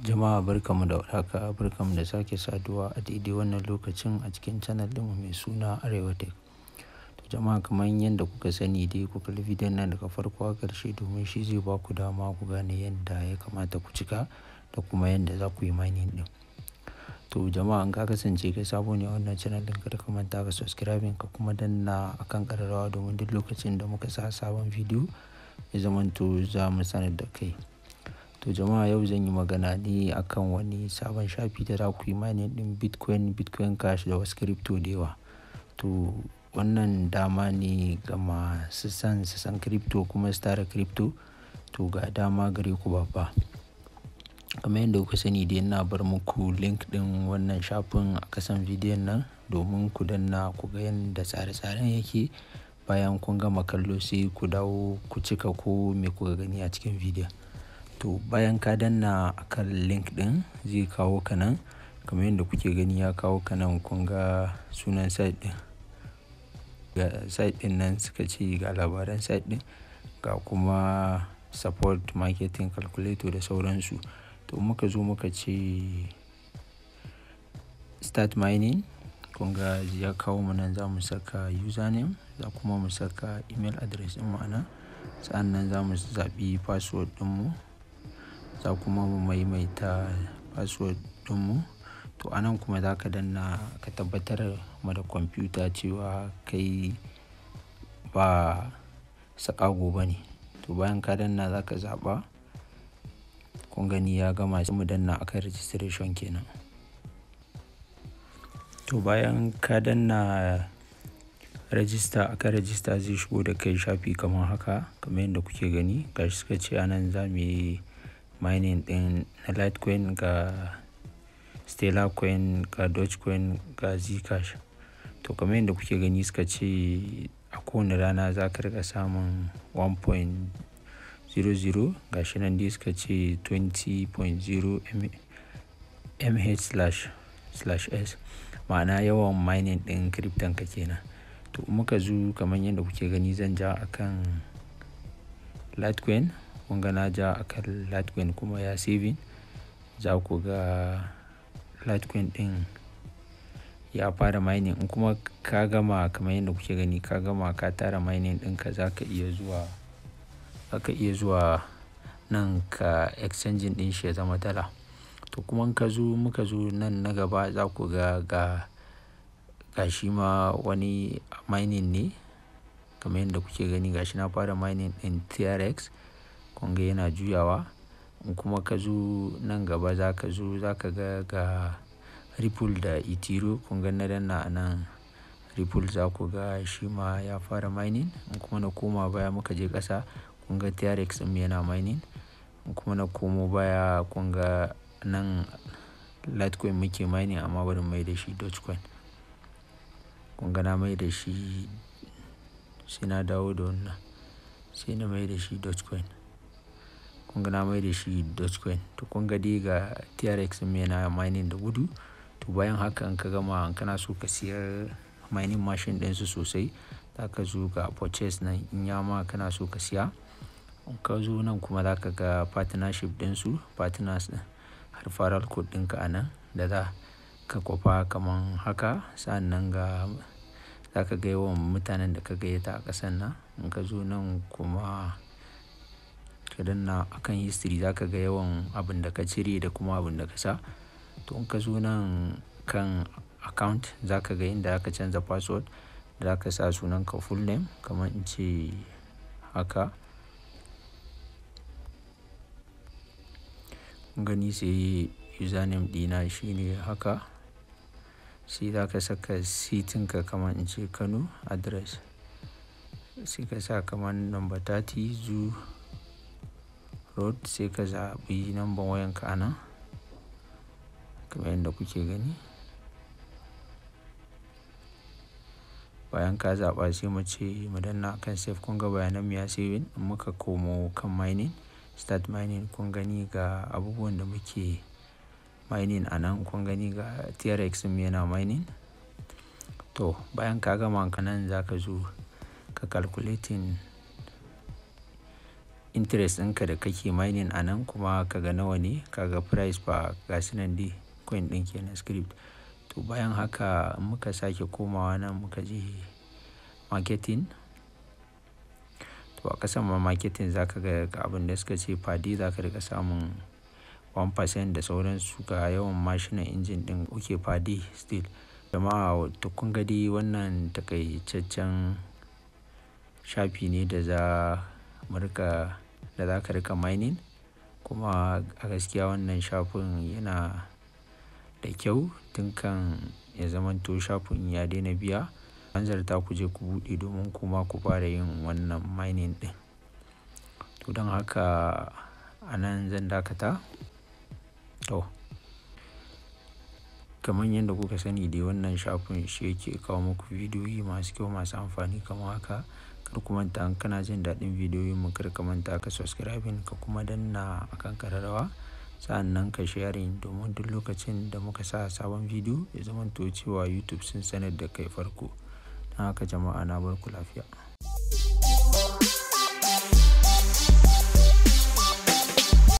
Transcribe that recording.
Jama'a barkamu da warhaka, barkamu da sake saduwa a daidai wannan lokacin a cikin channel din mai suna Arewa Tech. To jama'a kamar yadda kuka sani dai ku kalli bidiyon nan daga farko har karshe domin shi zai ba ku dama ku gane yadda ya kamata ku cika da kuma yadda za ku yi mining ɗin. To jama'a in ka kasance kai sabo ne a wannan channel din kada ka manta ka subscribe ka kuma danna akan ƙararrawa domin duk lokacin da muka sa sabon bidiyo ya zamanto za mu sanar da kai. To jama'a yau zan yi magana ne akan wani sabon shafi da za ku yi mining ɗin Bitcoin, Bitcoin Cash da wasu crypto da yawa. To wannan dama ne ga masu san su san crypto kuma su tara crypto. To ga dama gare ku babba. Kamar yadda kuka sani da yana bar muku link ɗin wannan shafin a kasan bidiyon nan domin ku danna ku ga yadda tsare-tsaren yake. Bayan kun gama kallo sai ku dawo ku cika ko me kuka gani a cikin bidiyon. To bayan ka danna akan link din zai kawo ka nan kamar yadda kuke gani ya kawo ka nan kun ga sunan site din Ga site din nan suka ce ga labaran site din ga kuma support marketing calculator da sauransu. To muka zo muka ce start mining kun ga ya kawo mu nan za mu saka username za kuma mu saka email address ɗin ma'ana sannan Sa'an nan za mu zaɓi password ɗin mu. za kuma mu maimaita password ɗinmu. To a nan kuma za ka danna ka tabbatar ma da kwamfuta cewa kai ba sakago ba ne. To bayan ka danna za ka zaɓa. Kun gani ya gama sai mu danna akan registration kenan. To bayan ka danna register akan register zai shigo da kai shafi kamar haka kamar yadda kuke gani. Gashi suka ce a za mu yi mining din na Litecoin ga Stellar Coin ga Dogecoin ga Zcash. To kamar yadda kuke gani suka ce a kowane rana za ka riƙa samun 1.00 ga shi nan dai suka ce 20.0 mh/s slash ma'ana yawan mining din crypton ka kenan. To muka zu kamar yadda kuke gani zan ja akan Litecoin. kun na ja a akan Litecoin kuma ya saving za ku ga Litecoin din ya fara mining in kuma ka gama kamar yadda kuke gani ka gama ka tara mining ɗinka za ka iya zuwa za ka iya zuwa nan ka exchange din shi ya zama tala to kuma in ka zo muka zo nan na gaba za ku ga ga ga shi ma wani mining ne kamar yadda kuke gani gashi na fara mining ɗin TRX kunga yana juyawa. In kuma ka zo nan gaba za ka zo za ka ga ga ripple da itiro kunga na danna a nan ripple za ku ga shi ma ya fara mining. In kuma na koma baya muka je ƙasa kunga TRX ɗin yana mining. In kuma na komo baya kunga nan Litecoin muke mining amma bari mai da shi Dogecoin. Kunga na mai da shi sai na dawo da wannan sai na mai da shi Dogecoin. Kunga na mai da shi Dogecoin. To kun ga dai ga TRX mai yana mining da gudu. To bayan haka in ka gama in kana so ka siyar mining machine su sosai za ka zo ga purchase nan in ya ma kana so ka siya. In ka zo nan kuma za ka ga partnership su partners din har farar code din a nan da za ka kwafa kaman haka. Sa'annan ga za ka ga yawan mutanen da ka gayyata a ƙasan nan. In ka zo nan kuma. ka danna akan history za ka ga yawan abin da ka cire da kuma abin da ka sa to in ka zo nan kan account za ka ga inda aka canza password da ka sa sunan ka full name kamar in ce haka gani sai username dina shine haka sai za ka saka sitin ka kamar in ce kano address sai ka sa kamar number 30 zu road sai ka zaɓi number wayanka a nan kamar yadda kuke gani bayan ka zaɓa sai mu ce mu danna kan save kun ga bayanan mu ya save in muka komo kan mining start mining kun gani ga abubuwan da muke mining a nan kun gani ga trx mu yana mining to bayan ka gama ka nan za ka zo ka calculating interest ɗinka da kake mining a nan kuma ka ga nawa ne, ka ga price ba gasu nan dai coin ɗin kenan Script. To bayan haka muka sake komawa nan muka je marketing. To a ƙasan ma marketing za ka ga abin da suka ce fadi za ka riƙa samun 1% da sauransu ga yawan mashinan injin ɗin ok fadi still. Jama'a to kun ga dai wannan takaitaccen shafi ne da za. murka da za ka rika mining. Kuma a gaskiya wannan shafin yana da kyau tun kan ya zamanto shafin ya daina biya. Hanzarta ku je ku buɗe domin kuma ku fara yin wannan mining ɗin. To don haka a nan zan dakata. To, kamar yadda kuka sani dai wannan shafin shi yake kawo muku bidiyoyi masu kyau masu amfani kamar haka. Kar ku manta in kana jin daɗin bidiyoyin mu kar ka manta ka subscribe ka kuma danna akan ƙararrawa. Sa'annan ka sharing domin duk lokacin da muka sa sabon bidiyo ya zama zamanto cewa YouTube sun sanar da kai farko. Don haka jama'a na barku lafiya.